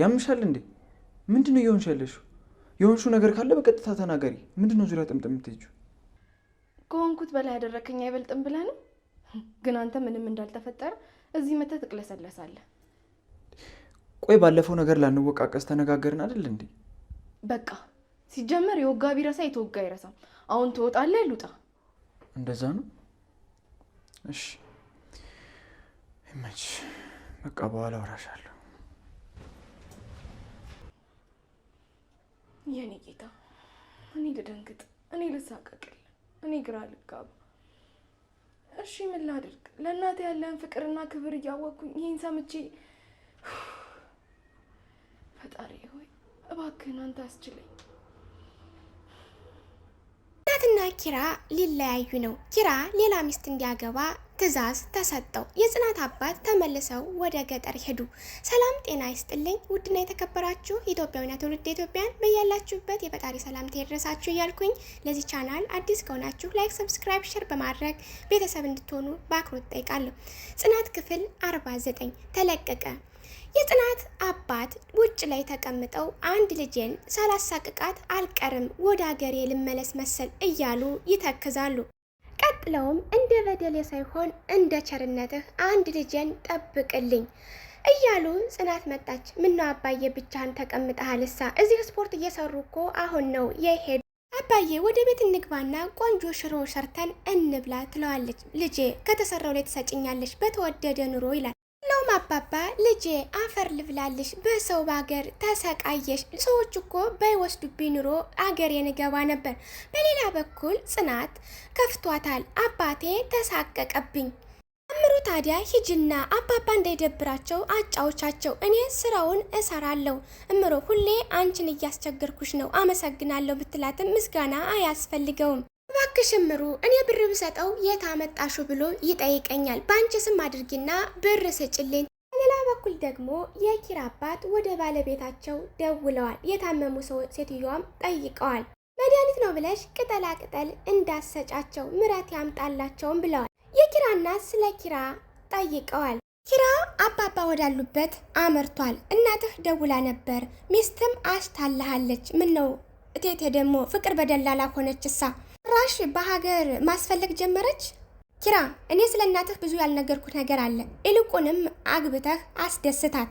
ያምሻል እንዴ? ምንድን ነው እየሆንሽ ያለሽው? የሆንሹ ነገር ካለ በቀጥታ ተናገሪ። ምንድን ነው ዙሪያ ጥምጥም የምትሄጂው? ከሆንኩት በላይ ያደረከኝ አይበልጥም ብለህ ነው? ግን አንተ ምንም እንዳልተፈጠረ እዚህ መተህ ትቅለሰለሳለህ። ቆይ ባለፈው ነገር ላንወቃቀስ ተነጋገርን አይደል እንዴ? በቃ ሲጀመር የወጋ ቢረሳ የተወጋ አይረሳም። አሁን ትወጣለህ ልውጣ? እንደዛ ነው። እሺ ይመች። በቃ በኋላ አወራሻለሁ። የኔ ጌታ፣ እኔ ልደንግጥ፣ እኔ ልሳቀቅል፣ እኔ ግራ ልጋባ። እሺ ምን ላድርግ? ለእናቴ ያለህን ፍቅርና ክብር እያወቅኩኝ ይህን ሰምቼ ፈጣሪ ሆይ እባክህን አንተ አስችለኝ። እናትና ኪራ ሊለያዩ ነው። ኪራ ሌላ ሚስት እንዲያገባ ትዕዛዝ ተሰጠው። የጽናት አባት ተመልሰው ወደ ገጠር ሄዱ። ሰላም ጤና ይስጥልኝ ውድና የተከበራችሁ ኢትዮጵያዊና ትውልድ ኢትዮጵያን በያላችሁበት የፈጣሪ ሰላምታ ይድረሳችሁ እያልኩኝ ለዚህ ቻናል አዲስ ከሆናችሁ ላይክ፣ ሰብስክራይብ፣ ሸር በማድረግ ቤተሰብ እንድትሆኑ በአክብሮት ጠይቃለሁ። ጽናት ክፍል 49 ተለቀቀ። የጽናት አባት ውጭ ላይ ተቀምጠው አንድ ልጄን ሳላሳቅቃት አልቀርም ወደ ሀገሬ ልመለስ መሰል እያሉ ይተክዛሉ። ቀጥለውም እንደ በደሌ ሳይሆን እንደ ቸርነትህ አንድ ልጄን ጠብቅልኝ እያሉ ጽናት መጣች። ምነው አባዬ ብቻህን ተቀምጠሃል? እሳ እዚህ ስፖርት እየሰሩ እኮ አሁን ነው የሄዱ። አባዬ ወደ ቤት እንግባና ቆንጆ ሽሮ ሰርተን እንብላ ትለዋለች። ልጄ ከተሰራው ላይ ትሰጭኛለች በተወደደ ኑሮ ይላል። አባባ ልጄ አፈር ልብላለሽ፣ በሰው በሀገር ተሰቃየሽ። ሰዎች እኮ ባይወስዱብኝ ኑሮ አገሬን እገባ ነበር። በሌላ በኩል ጽናት ከፍቷታል። አባቴ ተሳቀቀብኝ። አምሩ ታዲያ ሂጅና አባባ እንዳይደብራቸው አጫዎቻቸው፣ እኔ ስራውን እሰራለሁ። እምሮ ሁሌ አንቺን እያስቸገርኩሽ ነው፣ አመሰግናለሁ ብትላትም ምስጋና አያስፈልገውም። እባክሽ እምሩ እኔ ብር ብሰጠው የት አመጣሹ ብሎ ይጠይቀኛል። በአንቺ ስም አድርጊና ብር ስጭልኝ። በሌላ በኩል ደግሞ የኪራ አባት ወደ ባለቤታቸው ደውለዋል። የታመሙ ሰው ሴትዮዋም ጠይቀዋል። መድኃኒት ነው ብለሽ ቅጠላ ቅጠል እንዳሰጫቸው ምረት ያምጣላቸውም ብለዋል። የኪራና ስለ ኪራ ጠይቀዋል። ኪራ አባባ ወዳሉበት አመርቷል። እናትህ ደውላ ነበር፣ ሚስትም አሽታልሃለች። ምን ነው እቴቴ ደግሞ ፍቅር በደላላ ሆነችሳ ጭራሽ በሀገር ማስፈለግ ጀመረች። ኪራ እኔ ስለ እናትህ ብዙ ያልነገርኩት ነገር አለ። ይልቁንም አግብተህ አስደስታት።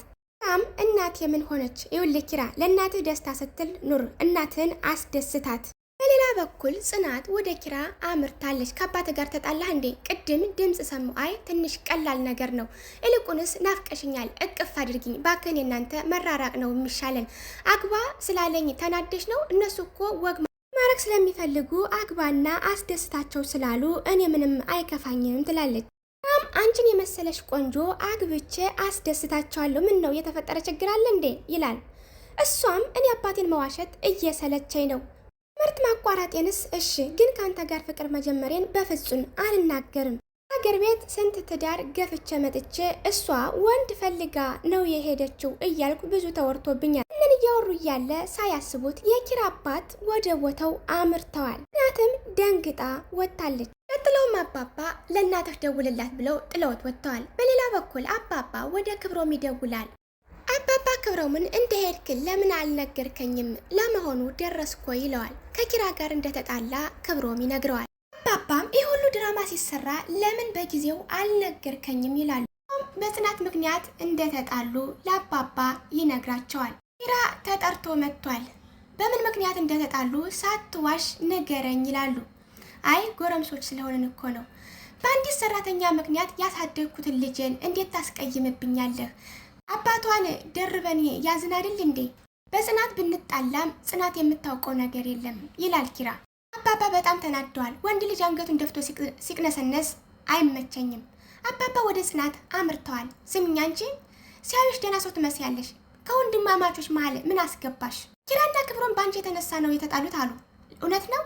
ም እናቴ ምን ሆነች? ይኸውልህ ኪራ ለእናትህ ደስታ ስትል ኑር፣ እናትህን አስደስታት። በሌላ በኩል ጽናት ወደ ኪራ አምርታለች። ከአባት ጋር ተጣላህ እንዴ? ቅድም ድምፅ ሰሙ። አይ ትንሽ ቀላል ነገር ነው። ይልቁንስ ናፍቀሽኛል፣ እቅፍ አድርጊኝ ባክን። እናንተ መራራቅ ነው የሚሻለን። አግባ ስላለኝ ተናደሽ ነው? እነሱ እኮ ወግ ማረክ ስለሚፈልጉ አግባና አስደስታቸው ስላሉ እኔ ምንም አይከፋኝም ትላለች። ም አንቺን የመሰለሽ ቆንጆ አግብቼ አስደስታቸዋለሁ። ምን ነው የተፈጠረ ችግር አለ እንዴ? ይላል። እሷም እኔ አባቴን መዋሸት እየሰለቸኝ ነው ትምህርት ማቋረጤንስ እሺ፣ ግን ከአንተ ጋር ፍቅር መጀመሬን በፍጹም አልናገርም። ሀገር ቤት ስንት ትዳር ገፍቼ መጥቼ እሷ ወንድ ፈልጋ ነው የሄደችው እያልኩ ብዙ ተወርቶብኛል። እያወሩ እያለ ሳያስቡት የኪራ አባት ወደ ቦታው አምርተዋል። እናትም ደንግጣ ወጥታለች። ቀጥለውም አባባ ለእናትህ ደውልላት ብለው ጥለውት ወጥተዋል። በሌላ በኩል አባባ ወደ ክብሮም ይደውላል። አባባ ክብሮምን እንደሄድክን ለምን አልነገርከኝም? ለመሆኑ ደረስኮ ይለዋል። ከኪራ ጋር እንደተጣላ ክብሮም ይነግረዋል። አባባም ይህ ሁሉ ድራማ ሲሰራ ለምን በጊዜው አልነገርከኝም? ይላሉ። በጽናት ምክንያት እንደተጣሉ ለአባባ ይነግራቸዋል። ኪራ ተጠርቶ መጥቷል። በምን ምክንያት እንደተጣሉ ሳትዋሽ ንገረኝ ይላሉ። አይ ጎረምሶች ስለሆነን እኮ ነው። በአንዲት ሰራተኛ ምክንያት ያሳደግኩትን ልጄን እንዴት ታስቀይምብኛለህ? አባቷን ደርበን ያዝን አይደል እንዴ? በጽናት ብንጣላም ጽናት የምታውቀው ነገር የለም ይላል ኪራ። አባባ በጣም ተናደዋል። ወንድ ልጅ አንገቱን ደፍቶ ሲቅነሰነስ አይመቸኝም። አባባ ወደ ጽናት አምርተዋል። ስምኛ አንቺ ሲያዩሽ ደህና ሰው ትመስያለሽ ከወንድማማቾች መሀል ምን አስገባሽ? ኪራና ክብሮን በአንቺ የተነሳ ነው የተጣሉት አሉ። እውነት ነው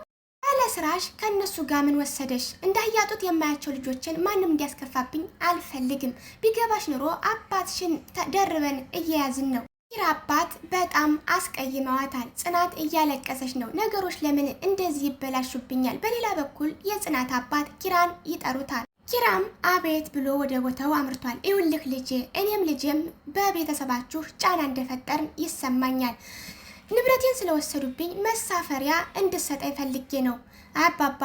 ያለ ስራሽ ከእነሱ ጋር ምን ወሰደሽ? እንዳያጡት የማያቸው ልጆችን ማንም እንዲያስከፋብኝ አልፈልግም። ቢገባሽ ኑሮ አባትሽን ደርበን እየያዝን ነው። ኪራ አባት በጣም አስቀይመዋታል። ጽናት እያለቀሰች ነው። ነገሮች ለምን እንደዚህ ይበላሹብኛል? በሌላ በኩል የጽናት አባት ኪራን ይጠሩታል። ኪራም አቤት ብሎ ወደ ቦታው አምርቷል። ይኸውልህ ልጄ፣ እኔም ልጄም በቤተሰባችሁ ጫና እንደፈጠርን ይሰማኛል። ንብረቴን ስለወሰዱብኝ መሳፈሪያ እንድሰጠኝ ፈልጌ ነው። አባባ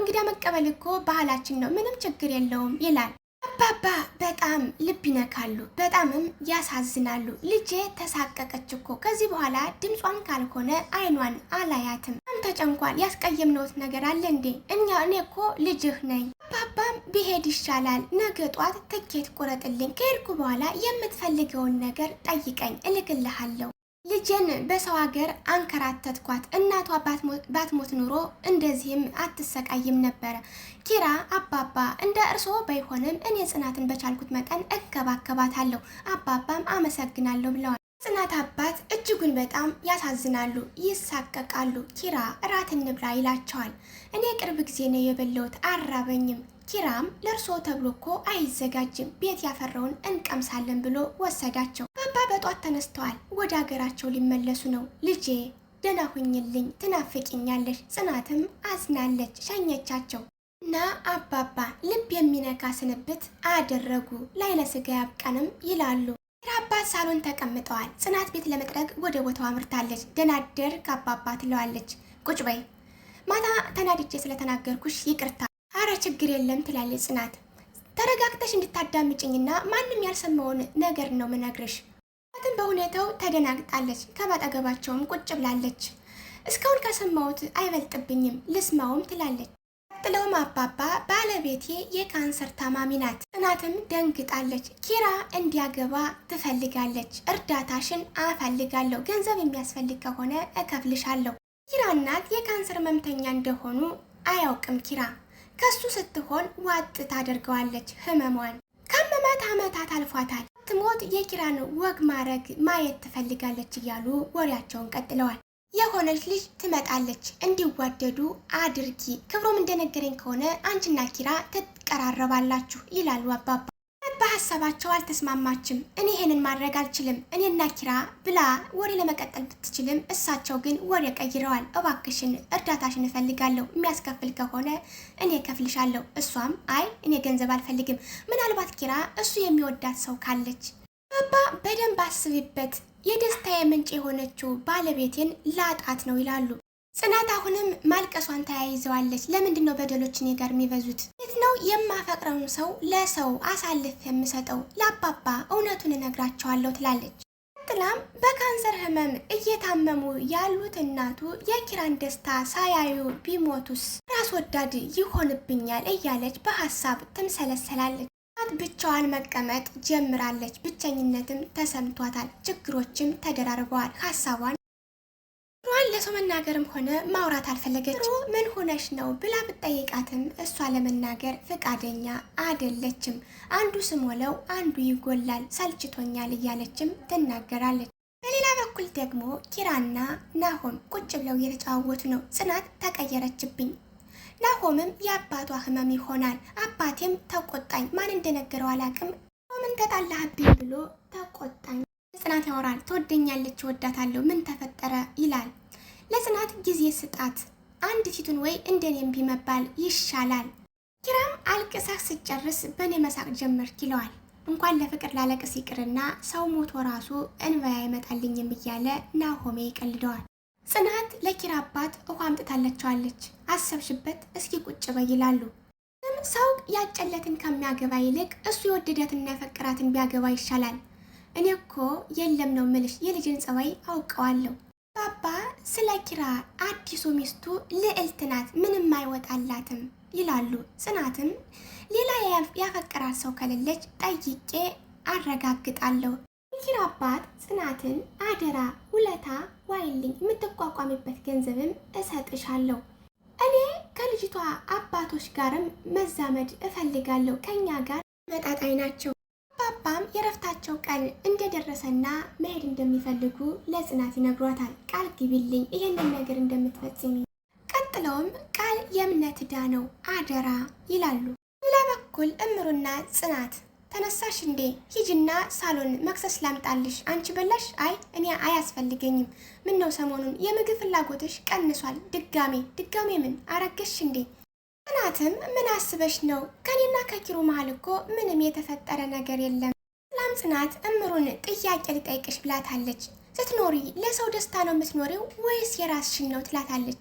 እንግዳ መቀበል እኮ ባህላችን ነው፣ ምንም ችግር የለውም ይላል። አባባ በጣም ልብ ይነካሉ፣ በጣምም ያሳዝናሉ። ልጄ ተሳቀቀች እኮ ከዚህ በኋላ ድምጿን ካልሆነ አይኗን አላያትም። ም ተጨንቋል። ያስቀየምነውት ነገር አለ እንዴ? እኛ እኔ እኮ ልጅህ ነኝ። አባባም ብሄድ ይሻላል፣ ነገ ጧት ትኬት ቁረጥልኝ፣ ከሄድኩ በኋላ የምትፈልገውን ነገር ጠይቀኝ እልክልሃለሁ ልጄን በሰው ሀገር አንከራተትኳት። እናቷ ባትሞት ኑሮ እንደዚህም አትሰቃይም ነበረ። ኪራ አባባ እንደ እርስዎ ባይሆንም እኔ ጽናትን በቻልኩት መጠን እከባከባታለሁ፣ አባባም አመሰግናለሁ ብለዋል። ጽናት አባት እጅጉን በጣም ያሳዝናሉ፣ ይሳቀቃሉ። ኪራ እራት እንብላ ይላቸዋል። እኔ ቅርብ ጊዜ ነው የበላሁት አራበኝም። ኪራም ለእርስዎ ተብሎ እኮ አይዘጋጅም፣ ቤት ያፈራውን እንቀምሳለን ብሎ ወሰዳቸው። አባ በጧት ተነስተዋል። ወደ አገራቸው ሊመለሱ ነው። ልጄ ደህና ሁኝልኝ፣ ትናፍቂኛለሽ። ጽናትም አዝናለች። ሸኘቻቸው እና አባባ ልብ የሚነካ ስንብት አደረጉ። ላይለ ስጋ ያብቀንም ይላሉ። አባት ሳሎን ተቀምጠዋል። ጽናት ቤት ለመጥረግ ወደ ቦታው አምርታለች። ደህና አደርክ አባባ ትለዋለች። ቁጭ በይ፣ ማታ ተናድጄ ስለተናገርኩሽ ይቅርታ። አረ ችግር የለም ትላለች ጽናት ተረጋግተሽ እንድታዳምጭኝና ማንም ያልሰማውን ነገር ነው ምነግርሽ ጽናትን በሁኔታው ተደናግጣለች። ከማጠገባቸውም ቁጭ ብላለች። እስካሁን ከሰማሁት አይበልጥብኝም ልስማውም ትላለች። ቀጥለውም አባባ ባለቤቴ የካንሰር ታማሚ ናት። ጽናትም ደንግጣለች። ኪራ እንዲያገባ ትፈልጋለች። እርዳታሽን አፈልጋለሁ፣ ገንዘብ የሚያስፈልግ ከሆነ እከፍልሻለሁ። ኪራ እናት የካንሰር ህመምተኛ እንደሆኑ አያውቅም። ኪራ ከሱ ስትሆን ዋጥ ታደርገዋለች ህመሟን ካመማት ዓመታት አልፏታል። ትሞት የኪራን ወግ ማድረግ ማየት ትፈልጋለች እያሉ ወሬያቸውን ቀጥለዋል። የሆነች ልጅ ትመጣለች፣ እንዲዋደዱ አድርጊ። ክብሮም እንደነገረኝ ከሆነ አንቺና ኪራ ትቀራረባላችሁ ይላሉ አባባ በሀሳባቸው አልተስማማችም። እኔ ይሄንን ማድረግ አልችልም እኔና ኪራ ብላ ወሬ ለመቀጠል ብትችልም እሳቸው ግን ወሬ ቀይረዋል። እባክሽን እርዳታሽን እፈልጋለሁ፣ የሚያስከፍል ከሆነ እኔ ከፍልሻለሁ። እሷም አይ እኔ ገንዘብ አልፈልግም፣ ምናልባት ኪራ እሱ የሚወዳት ሰው ካለች አባ በደንብ አስቢበት፣ የደስታ ምንጭ የሆነችው ባለቤቴን ላጣት ነው ይላሉ። ጽናት አሁንም ማልቀሷን ተያይዘዋለች። ለምንድን ነው በደሎች እኔ ጋር የሚበዙት? እንዴት ነው የማፈቅረውን ሰው ለሰው አሳልፍ የምሰጠው? ለአባባ እውነቱን እነግራቸዋለሁ ትላለች። ቀጥላም በካንሰር ህመም እየታመሙ ያሉት እናቱ የኪራን ደስታ ሳያዩ ቢሞቱስ ራስ ወዳድ ይሆንብኛል እያለች በሀሳብ ትምሰለሰላለች። ብቻዋን መቀመጥ ጀምራለች። ብቸኝነትም ተሰምቷታል። ችግሮችም ተደራርበዋል። ሀሳቧን ለሰው መናገርም ሆነ ማውራት አልፈለገች። ምን ሆነሽ ነው ብላ ብጠይቃትም እሷ ለመናገር ፈቃደኛ አደለችም። አንዱ ስሞለው አንዱ ይጎላል፣ ሰልችቶኛል እያለችም ትናገራለች። በሌላ በኩል ደግሞ ኪራና ናሆም ቁጭ ብለው እየተጨዋወቱ ነው። ጽናት ተቀየረችብኝ። ናሆምም የአባቷ ህመም ይሆናል አባቴም ተቆጣኝ፣ ማን እንደነገረው አላቅም። ምን ተጣላህብኝ ብሎ ተቆጣኝ። ጽናት ያወራል። ትወደኛለች፣ ወዳታለሁ፣ ምን ተፈጠረ ይላል ለጽናት ጊዜ ስጣት፣ አንድ ፊቱን ወይ እንደኔም ቢመባል ይሻላል። ኪራም አልቅሳ ስጨርስ በእኔ መሳቅ ጀምር ይለዋል። እንኳን ለፍቅር ላለቅስ ይቅርና ሰው ሞቶ ራሱ እንባ አይመጣልኝም እያለ ናሆሜ ይቀልደዋል። ጽናት ለኪራ አባት ውሃ አምጥታለችዋለች። አሰብሽበት እስኪ ቁጭ በይ ይላሉ። ሰው ያጨለትን ከሚያገባ ይልቅ እሱ የወደዳትና ያፈቅራትን ቢያገባ ይሻላል። እኔ እኮ የለም ነው ምልሽ የልጅን ጸባይ አውቀዋለሁ ባባ ስለ ኪራ አዲሱ ሚስቱ ልዕልት ናት ምንም አይወጣላትም ይላሉ። ጽናትም ሌላ ያፈቀራት ሰው ከሌለች ጠይቄ አረጋግጣለሁ። የኪራ አባት ጽናትን አደራ ውለታ ዋይልኝ፣ የምትቋቋሚበት ገንዘብም እሰጥሻለሁ። እኔ ከልጅቷ አባቶች ጋርም መዛመድ እፈልጋለሁ። ከኛ ጋር መጣጣይ ናቸው። የእረፍታቸው ቀን እንደደረሰና መሄድ እንደሚፈልጉ ለጽናት ይነግሯታል። ቃል ግቢልኝ ይህንን ነገር እንደምትፈጽሚ። ቀጥለውም ቃል የእምነት ዕዳ ነው አደራ ይላሉ። ሌላ በኩል እምሩና ጽናት ተነሳሽ እንዴ ሂጅና ሳሎን መክሰስ ላምጣልሽ። አንቺ በላሽ? አይ እኔ አያስፈልገኝም። ምን ነው ሰሞኑን የምግብ ፍላጎትሽ ቀንሷል? ድጋሜ ድጋሜ ምን አረገሽ እንዴ? ጽናትም ምን አስበሽ ነው? ከኔና ከኪሩ መሀል እኮ ምንም የተፈጠረ ነገር የለም። ጽናት እምሩን ጥያቄ ልጠይቅሽ ብላታለች። ስትኖሪ ለሰው ደስታ ነው የምትኖሪው ወይስ የራስሽን ነው ትላታለች።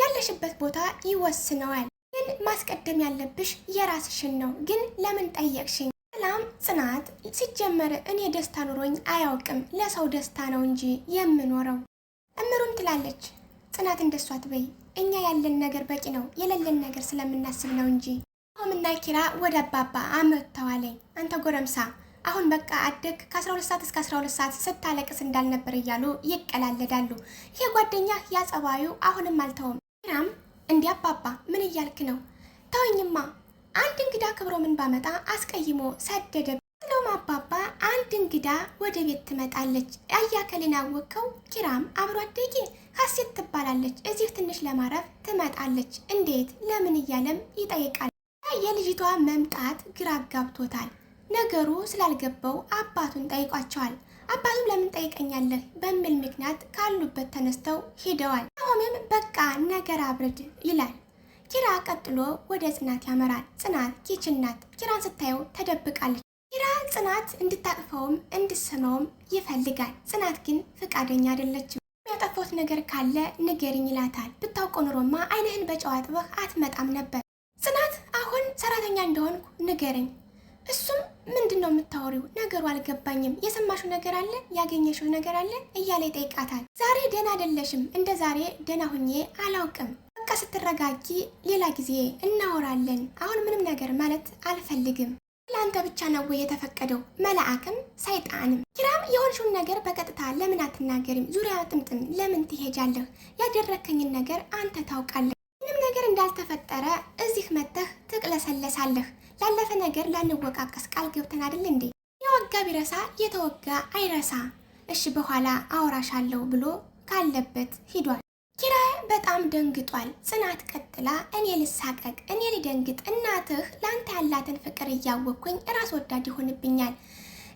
ያለሽበት ቦታ ይወስነዋል፣ ግን ማስቀደም ያለብሽ የራስሽን ነው። ግን ለምን ጠየቅሽኝ? ሰላም ጽናት፣ ሲጀመር እኔ ደስታ ኑሮኝ አያውቅም። ለሰው ደስታ ነው እንጂ የምኖረው እምሩም ትላለች። ጽናት እንደሷት በይ እኛ ያለን ነገር በቂ ነው፣ የሌለን ነገር ስለምናስብ ነው እንጂ ሆምና ኪራ ወደ አባባ አመጥተዋለኝ። አንተ ጎረምሳ አሁን በቃ አደግ ከ12 ሰዓት እስከ 12 ሰዓት ስታለቅስ እንዳልነበር እያሉ ይቀላለዳሉ። ይሄ ጓደኛ ያጸባዩ አሁንም አልተውም። ኪራም እንዲህ አባባ ምን እያልክ ነው? ተወኝማ አንድ እንግዳ ክብሮ ምን ባመጣ አስቀይሞ ሰደደ ብሎም አባባ አንድ እንግዳ ወደ ቤት ትመጣለች። አያከልን አወቅከው? ኪራም አብሮ አደጌ ሀሴት ትባላለች። እዚህ ትንሽ ለማረፍ ትመጣለች። እንዴት ለምን እያለም ይጠይቃል። የልጅቷ መምጣት ግራ ጋብቶታል። ነገሩ ስላልገባው አባቱን ጠይቋቸዋል። አባቱም ለምን ጠይቀኛለህ በሚል ምክንያት ካሉበት ተነስተው ሄደዋል። አሁንም በቃ ነገር አብርድ ይላል። ኪራ ቀጥሎ ወደ ጽናት ያመራል። ጽናት ኪችን ናት። ኪራን ስታየው ተደብቃለች። ኪራ ጽናት እንድታቅፈውም እንድሰማውም ይፈልጋል። ጽናት ግን ፈቃደኛ አይደለችም። ያጠፋሁት ነገር ካለ ንገርኝ ይላታል። ብታውቆ ኑሮማ አይንህን በጨዋጥበህ አትመጣም ነበር። ጽናት አሁን ሰራተኛ እንደሆንኩ ንገርኝ እሱም ምንድን ነው የምታወሪው? ነገሩ አልገባኝም። የሰማሽው ነገር አለ፣ ያገኘሽው ነገር አለ እያለ ይጠይቃታል። ዛሬ ደህና አይደለሽም፣ እንደ ዛሬ ደህና ሁኜ አላውቅም። በቃ ስትረጋጊ ሌላ ጊዜ እናወራለን። አሁን ምንም ነገር ማለት አልፈልግም። ለአንተ ብቻ ነው ወይ የተፈቀደው? መላአክም ሰይጣንም። ኪራም የሆንሽውን ነገር በቀጥታ ለምን አትናገሪም? ዙሪያ ጥምጥም ለምን ትሄጃለህ? ያደረከኝን ነገር አንተ ታውቃለህ። እንዳልተፈጠረ እዚህ መጥተህ ትቅለሰለሳለህ። ላለፈ ነገር ላንወቃቀስ ቃል ገብተን አይደል እንዴ? የወጋ ቢረሳ የተወጋ አይረሳ። እሺ በኋላ አውራሻለሁ ብሎ ካለበት ሂዷል። ኪራ በጣም ደንግጧል። ጽናት ቀጥላ እኔ ልሳቀቅ፣ እኔ ልደንግጥ፣ እናትህ ለአንተ ያላትን ፍቅር እያወቅኩኝ ራስ ወዳድ ይሆንብኛል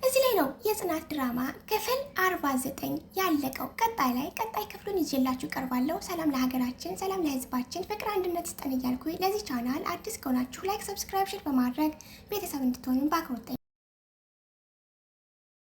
እዚህ ላይ ነው የጽናት ድራማ ክፍል 49 ያለቀው። ቀጣይ ላይ ቀጣይ ክፍሉን ይዤላችሁ ቀርባለሁ። ሰላም ለሀገራችን፣ ሰላም ለሕዝባችን፣ ፍቅር አንድነት ይስጠን እያልኩ ለዚህ ቻናል አዲስ ከሆናችሁ ላይክ፣ ሰብስክራይብ፣ ሼር በማድረግ ቤተሰብ እንድትሆኑ በአክብሮት